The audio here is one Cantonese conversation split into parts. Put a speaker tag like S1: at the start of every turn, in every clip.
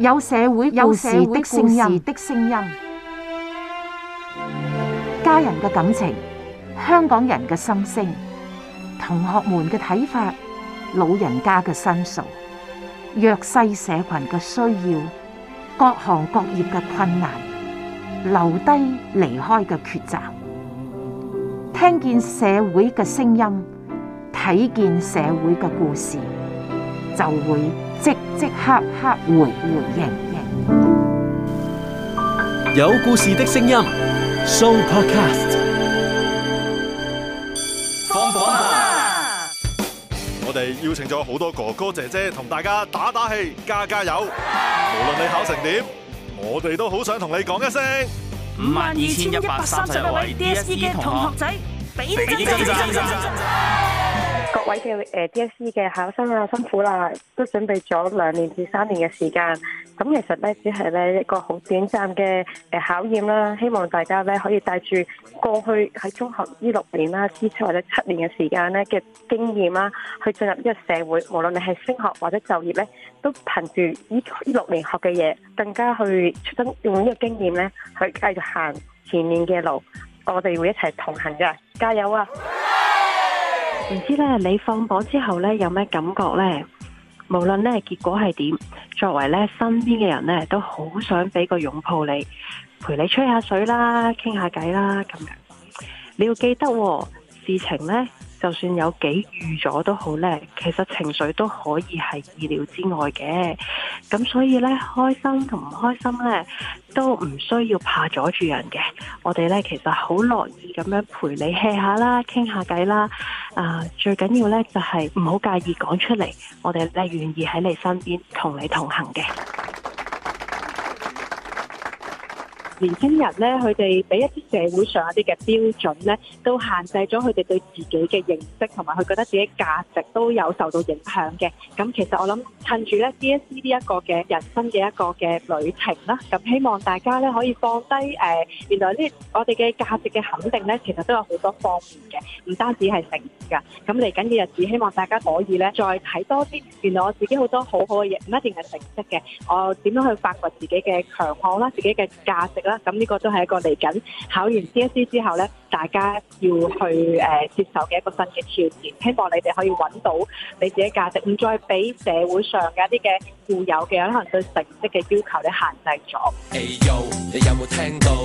S1: 有社會，有社會故事的聲音，家人嘅感情，香港人嘅心聲，聲，同學們嘅睇法，老人家嘅申訴，弱勢社群嘅需要，各行各業嘅困難，留低離開嘅抉擇，聽見社會嘅聲音，睇見社會嘅故事，就會。即即
S2: 刻刻
S3: 回回應應，有故事的聲音，Supercast，放榜啦！我哋邀請咗好多哥哥姐姐同大家打打氣、加加油。無論你考成點，我哋都好想同你講一聲，五萬二千一百三
S4: 十一位 DSE 嘅同學仔，畀你
S5: 各位嘅 DSE 嘅考生啊，辛苦啦，都準備咗兩年至三年嘅時間。咁其實咧，只係咧一個好短暫嘅誒考驗啦。希望大家咧可以帶住過去喺中學呢六年啦、之出或者七年嘅時間咧嘅經驗啦，去進入一個社會。無論你係升學或者就業咧，都憑住呢呢六年學嘅嘢，更加去出身用呢個經驗咧去繼續行前面嘅路。我哋會一齊同行嘅，加油啊！唔知咧，你放榜之後咧有咩感覺咧？無論咧結果係點，作為咧身邊嘅人咧，都好想俾個擁抱你，陪你吹下水啦，傾下偈啦，咁樣。你要記得，事情咧。就算有幾預咗都好咧，其實情緒都可以係意料之外嘅。咁所以咧，開心同唔開心咧，都唔需要怕阻住人嘅。我哋咧其實好樂意咁樣陪你 hea 下啦，傾下偈啦。啊，最緊要咧就係唔好介意講出嚟，我哋咧願意喺你身邊同
S1: 你同行嘅。
S5: 年輕人咧，佢哋俾一啲社會上一啲嘅標準咧，都限制咗佢哋對自己嘅認識，同埋佢覺得自己嘅價值都有受到影響嘅。咁其實我諗趁住咧 DSE 呢一個嘅人生嘅一個嘅旅程啦，咁希望大家咧可以放低誒、呃，原來呢我哋嘅價值嘅肯定咧，其實都有好多方面嘅，唔單止係成績㗎。咁嚟緊嘅日子，希望大家可以咧再睇多啲，原來我自己好多好好嘅嘢，唔一定係成績嘅，我點樣去發掘自己嘅強項啦，自己嘅價值。咁、這、呢個都係一個嚟緊考完 C.S.C 之後咧，大家要去誒、呃、接受嘅一個新嘅挑戰。希望你哋可以揾到你自己價值，唔再俾社會上嘅一啲嘅固有嘅可能對成績嘅要求咧限制咗。
S6: Hey, yo, 你有冇聽到？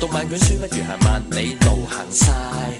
S6: 動漫卷書不如行萬里路，行晒。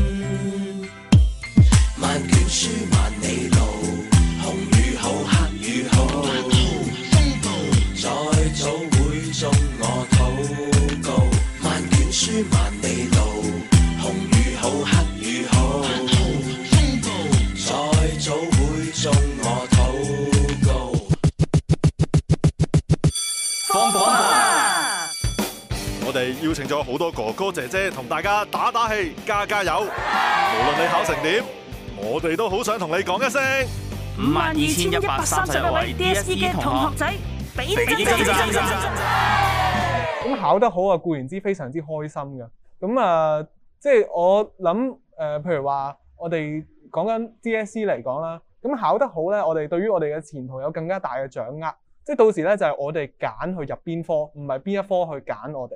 S7: 放榜啦！
S3: 我哋邀請咗好多哥哥姐姐同大家打打氣，加加油！無論你考成點，我哋都好想同你講一聲：五萬二千一百三十六位 DSE 嘅同學
S8: 仔。比咁考得好啊，固然之非常之開心噶。咁、嗯、啊，即、就、係、是、我諗誒、呃，譬如話我哋講緊 DSE 嚟講啦，咁考得好咧，我哋對於我哋嘅前途有更加大嘅掌握。即係到時咧，就係我哋揀去入邊科，唔係邊一科去揀我哋。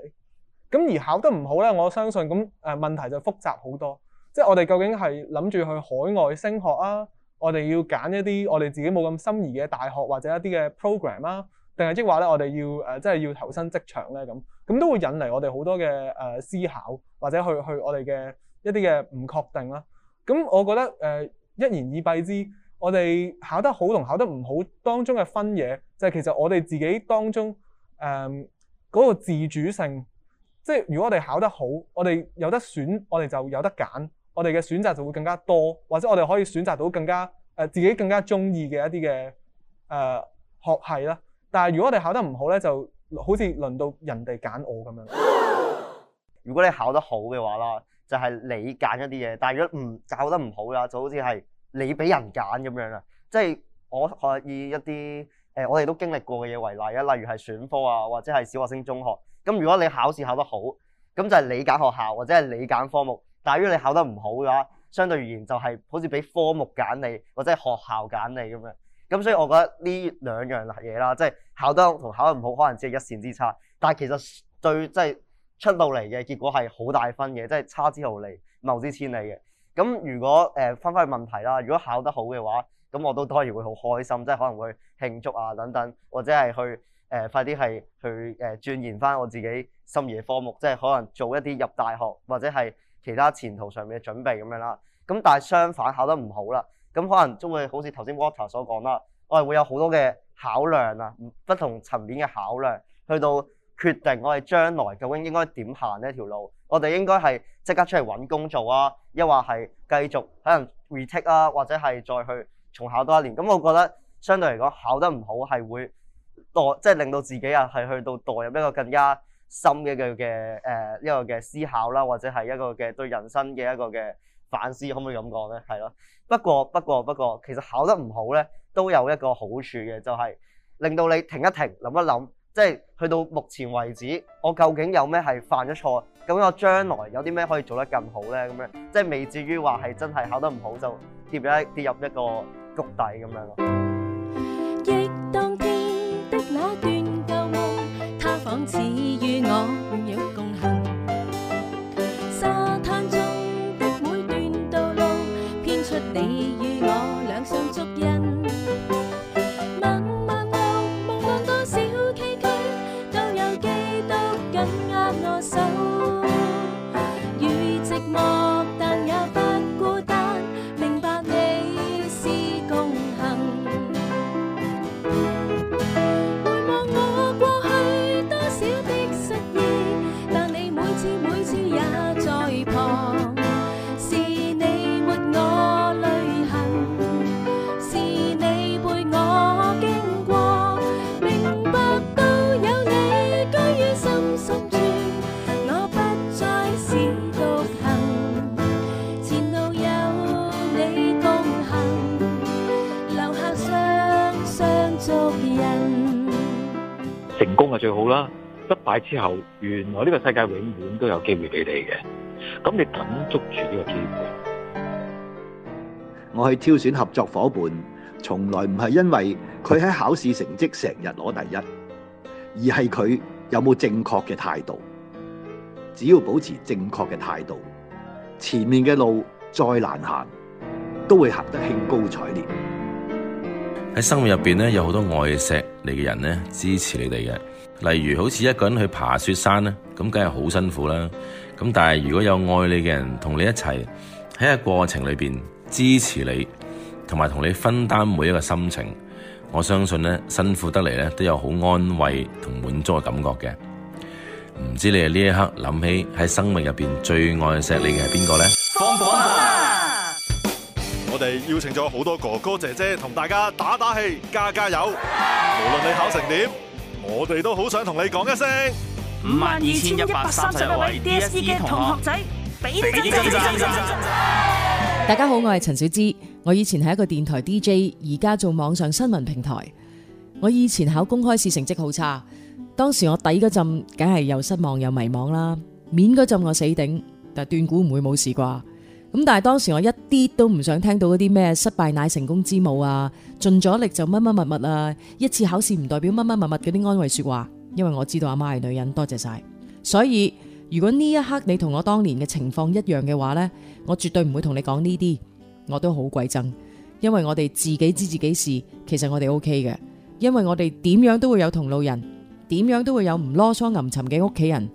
S8: 咁而考得唔好咧，我相信咁誒，問題就複雜好多。即係我哋究竟係諗住去海外升學啊？我哋要揀一啲我哋自己冇咁心儀嘅大學或者一啲嘅 program 啊？定係、呃、即係話咧，我哋要即係要投身職場咧咁，咁都會引嚟我哋好多嘅、呃、思考，或者去去我哋嘅一啲嘅唔確定啦。咁我覺得、呃、一言以蔽之，我哋考得好同考得唔好當中嘅分野，就係其實我哋自己當中呃、嗰個自主性。即係如果我哋考得好，我哋有得選，我哋就有得揀，我哋嘅選擇就會更加多，或者我哋可以選擇到更加、呃、自己更加中意嘅一啲嘅誒學系啦。但係如果我哋考得唔好咧，就好似輪到人哋揀我咁樣。
S2: 如果你考得好嘅話啦，就係你揀一啲嘢，但係如果唔考得唔好啦，就好似係你俾人揀咁樣啊。即係我可以一啲誒，我哋都經歷過嘅嘢為例啊，例如係選科啊，或者係小學升中學。咁如果你考試考得好，咁就係你揀學校或者係你揀科目，但係如果你考得唔好嘅話，相對而言就係好似俾科目揀你，或者係學校揀你咁樣。咁所以，我覺得呢兩樣嘢啦，即係考得好同考得唔好，可能只係一線之差。但係其實對即係出到嚟嘅結果係好大分嘅，即係差之毫厘，貿之千里嘅。咁如果誒翻返去問題啦，如果考得好嘅話，咁我都當然會好開心，即係可能會慶祝啊等等，或者係去誒、呃、快啲係去誒鑽研翻我自己心嘅科目，即係可能做一啲入大學或者係其他前途上面嘅準備咁樣啦。咁但係相反，考得唔好啦。咁可能都會好似頭先 Water 所講啦，我哋會有好多嘅考量啊，不同層面嘅考量，去到決定我哋將來究竟應該點行呢條路？我哋應該係即刻出嚟揾工做啊，又或係繼續可能 retake 啊，或者係再去重考多一年。咁我覺得相對嚟講，考得唔好係會代，即係令到自己啊係去到代入一個更加深嘅嘅誒一個嘅思考啦，或者係一個嘅對人生嘅一個嘅反思可唔可以咁講呢？係咯，不過不過不過，其實考得唔好呢，都有一個好處嘅，就係令到你停一停，諗一諗，即係去到目前為止，我究竟有咩係犯咗錯？咁我將來有啲咩可以做得更好呢？咁樣，即係未至於話係真係考得唔好就跌入跌入一個谷底咁樣咯。
S6: 最好啦！失敗之後，原來呢個世界永
S9: 遠都有機會俾你
S3: 嘅。咁你緊捉住呢個機會？我去挑選合作夥伴，從來唔係因為佢喺考試成績成日攞第一，而係佢有冇正確嘅態度。只要保持正確嘅態度，前面嘅路再難行，都會行得興高采烈。
S6: 喺生活入邊咧，有好多愛錫你嘅人咧，支持你哋嘅。例如好似一個人去爬雪山咧，咁梗係好辛苦啦。咁但係如果有愛你嘅人同你一齊喺個過程裏邊支持你，同埋同你分擔每一個心情，我相信咧，辛苦得嚟咧，都有好安慰同滿足嘅感覺嘅。唔知你喺呢一刻諗起喺生命入邊最愛錫你嘅係邊個呢？
S3: 放榜啊！我哋邀請咗好多哥哥姐姐同大家打打氣，加加油，無論你考成點。我哋都好想同你講一聲，五萬二千一百三十位 DSE 嘅同學仔，俾真一真真！
S1: 大家好，我係陳小芝，PUMILIC 以我以前係一個電台 DJ，而家做網上新聞平台。我以前考公開試成績好差，當時我抵嗰陣，梗係又失望又迷茫啦。免嗰陣我死頂，但斷估唔會冇事啩。咁但係當時我一啲都唔想聽到嗰啲咩失敗乃成功之母啊，盡咗力就乜乜物物啊，一次考試唔代表乜乜物物嗰啲安慰說話，因為我知道阿媽係女人，多謝晒。所以如果呢一刻你同我當年嘅情況一樣嘅話呢，我絕對唔會同你講呢啲，我都好鬼憎，因為我哋自己知自己事，其實我哋 OK 嘅，因為我哋點樣都會有同路人，點樣都會有唔囉嗦、吟沉嘅屋企人，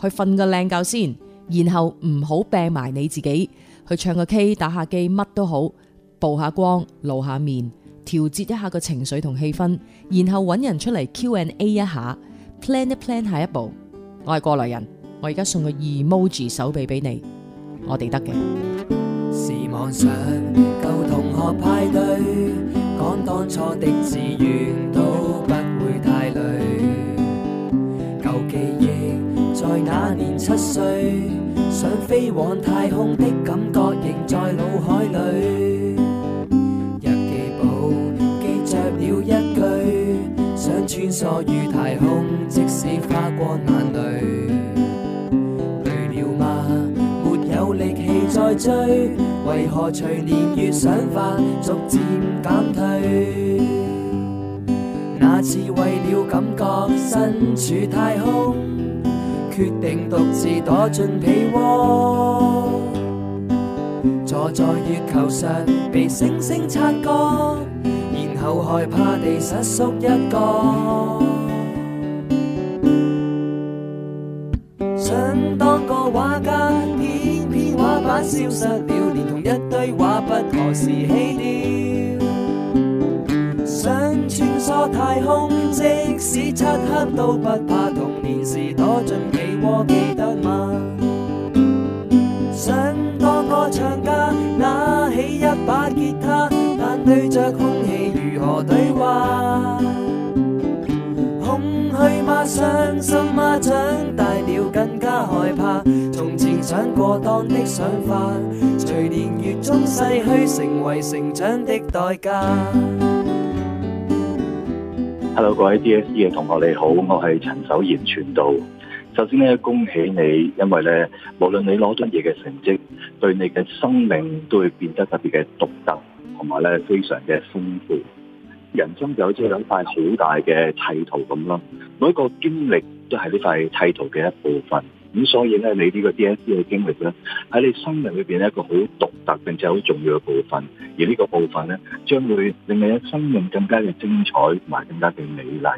S1: 去瞓個靚覺先，然後唔好病埋你自己。去唱個 K，打下機，乜都好，曝下光，露下面，調節一下個情緒同氣氛，然後搵人出嚟 Q&A 一下，plan 一 plan 下，下一步。我係過來人，我而家送個 emoji 手臂俾你，我哋得嘅。
S7: 飛往太空的感覺仍在腦海裏，日記簿記着了一句，想穿梭於太空，即使花光眼淚。累了嗎？沒有力氣再追，為何隨年月想法逐漸減退？那次為了感覺身處太空。決定獨自躲進被窩，坐在月球上被星星擦過，然後害怕地瑟縮一個。想當個畫家，偏偏畫板消失了，連同一堆畫筆何時起了？想穿梭太空，即使漆黑都不怕痛。年時躲進被窩，記得嗎？想當歌唱家，拿起一把吉他，但對着空氣如何對話？空虛嗎？傷心嗎？長大了更加害怕，從前想過當的想法，隨年月中逝去，成為成長的代價。
S9: Hello，各位 DSE 嘅同學你好，我係陳守賢傳道。首先咧，恭喜你，因為咧，無論你攞到乜嘢嘅成績，對你嘅生命都會變得特別嘅獨特，同埋咧非常嘅豐富。人生就好似兩塊好大嘅砌圖咁啦，每一個經歷都係呢塊砌圖嘅一部分。咁、嗯、所以咧，你呢個 DSE 嘅經歷咧，喺你生命裏邊一個好獨特並且好重要嘅部分。而呢個部分咧，將會令你嘅生命更加嘅精彩同埋更加嘅美麗。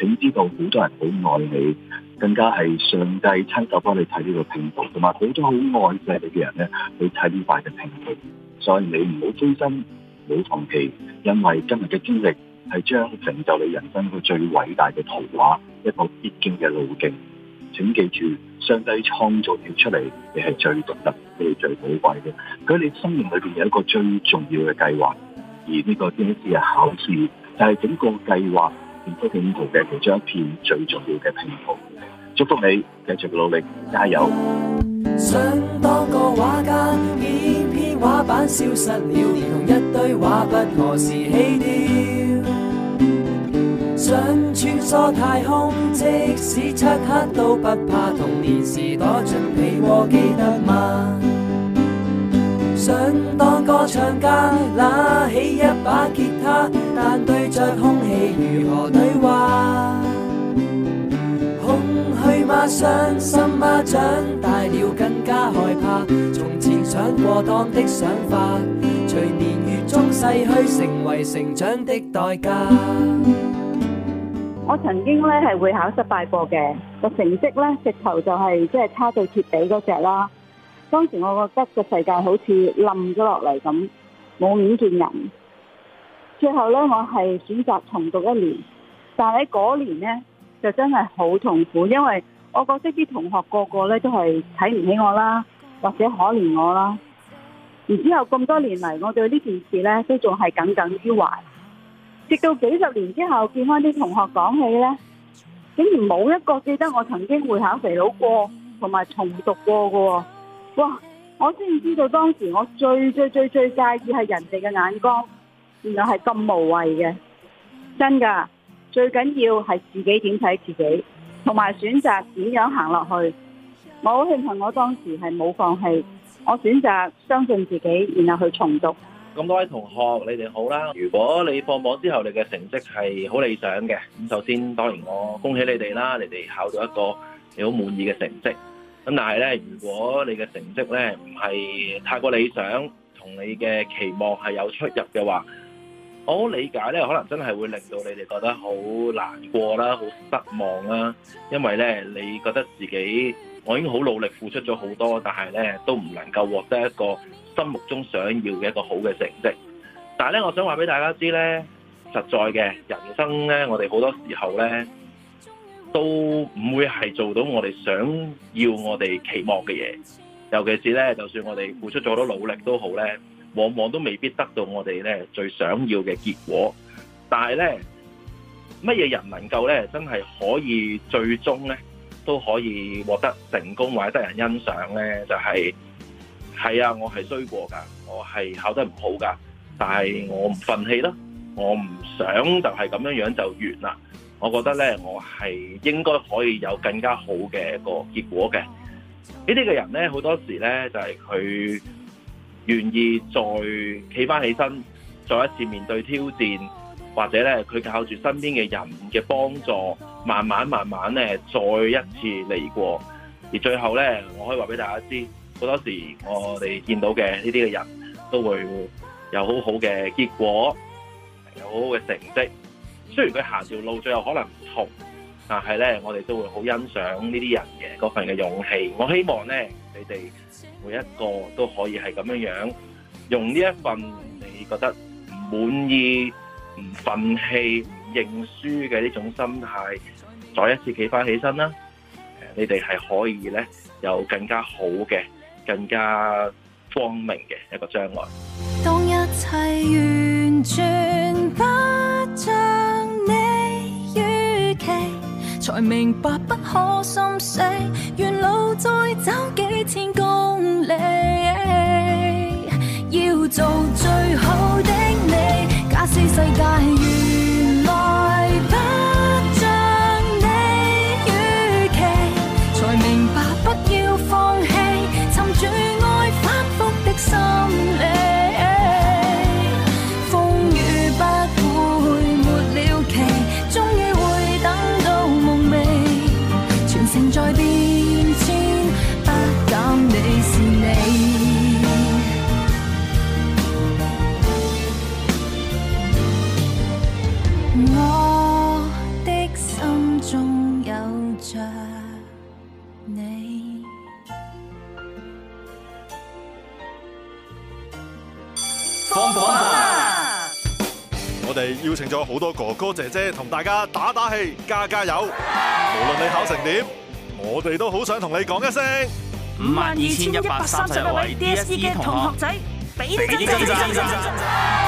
S9: 你知道好多人好愛你，更加係上帝親手幫你睇呢個拼圖，同埋好多好愛錫你嘅人咧去睇呢塊嘅拼圖。所以你唔好灰心，唔好放棄，因為今日嘅經歷係將成就你人生一個最偉大嘅圖畫，一個必經嘅路徑。請記住，上帝創造你出嚟，你係最獨特，你係最寶貴嘅。佢喺你生命裏邊有一個最重要嘅計劃，而呢個 DSE 嘅考試，就係整個計劃完成沿途嘅其中一片最重要嘅拼圖。祝福你，繼續努力，加
S7: 油！想當個畫家，偏偏畫板消失了，同一堆畫筆何時棄掉？想穿梭太空，即使漆黑都不怕。童年時躲進被窩，記得嗎？想當歌唱家，拿起一把吉他，但對着空氣如何對話？空虛嗎？傷心嗎？長大了更加害怕。從前想過當的想法，隨年月中逝去，成為成長的代價。
S5: 我曾經咧係會考失敗過嘅，個成績咧直頭就係即係差到徹底嗰隻啦。當時我覺得個世界好似冧咗落嚟咁，冇面見人。最後咧，我係選擇重讀一年，但喺嗰年咧就真係好痛苦，因為我覺得啲同學個個咧都係睇唔起我啦，或者可憐我啦。然之後咁多年嚟，我對呢件事咧都仲係耿耿於懷。直到幾十年之後，見翻啲同學講起呢，竟然冇一個記得我曾經會考肥佬過，同埋重讀過嘅喎！哇，我先知道當時我最最最最介意是人哋嘅眼光，原來是咁無謂嘅。真㗎，最緊要是自己點睇自己，同埋選擇點樣行落去。我好慶幸我當時是冇放棄，我選擇相信自己，然後去重讀。
S6: 咁多位同學，你哋好啦。如果你放榜之後你嘅成績係好理想嘅，咁首先當然我恭喜你哋啦，你哋考到一個你好滿意嘅成績。咁但係咧，如果你嘅成績咧唔係太過理想，同你嘅期望係有出入嘅話，我好理解咧，可能真係會令到你哋覺得好難過啦，好失望啦，啊。因為咧，你覺得自己我已經好努力付出咗好多，但係咧都唔能夠獲得一個心目中想要嘅一個好嘅成績。但係咧，我想話俾大家知咧，實在嘅人生咧，我哋好多時候咧都唔會係做到我哋想要我哋期望嘅嘢。尤其是咧，就算我哋付出咗好多努力都好咧。往往都未必得到我哋咧最想要嘅結果，但係咧，乜嘢人能夠咧真係可以最終咧都可以獲得成功或者得人欣賞咧？就係、係、係啊，我係衰過噶，我係考得唔好噶，但係我唔忿氣咯，我唔想就係咁樣樣就完啦。我覺得咧，我係應該可以有更加好嘅個結果嘅。呢個、呢啲嘅人咧，好多時咧就係佢。願意再企翻起身，再一次面對挑戰，或者咧佢靠住身邊嘅人嘅幫助，慢慢慢慢咧再一次嚟過。而最後咧，我可以話俾大家知，好多時我哋見到嘅呢啲嘅人都會有好好嘅結果，有好好嘅成績。雖然佢行條路最後可能唔同，但係咧我哋都會好欣賞呢啲人嘅嗰份嘅勇氣。我希望咧你哋。每一個都可以係咁樣樣，用呢一份你覺得唔滿意、唔忿氣、唔認輸嘅呢種心態，再一次企返起身啦！誒，你哋係可以咧有更加好嘅、更加光明嘅一個將來。
S4: 才明白不可心死，沿路再走幾千公里，要做最好的你。假使世界原來不像你預期，才明白不要放棄，沉住愛反覆的心理。
S3: 邀請咗好多哥哥姐姐同大家打打氣、加加油。無論你考成點，我哋都好想同你講一聲，五萬二千一百三十六位 DSE 嘅同
S4: 學仔，俾真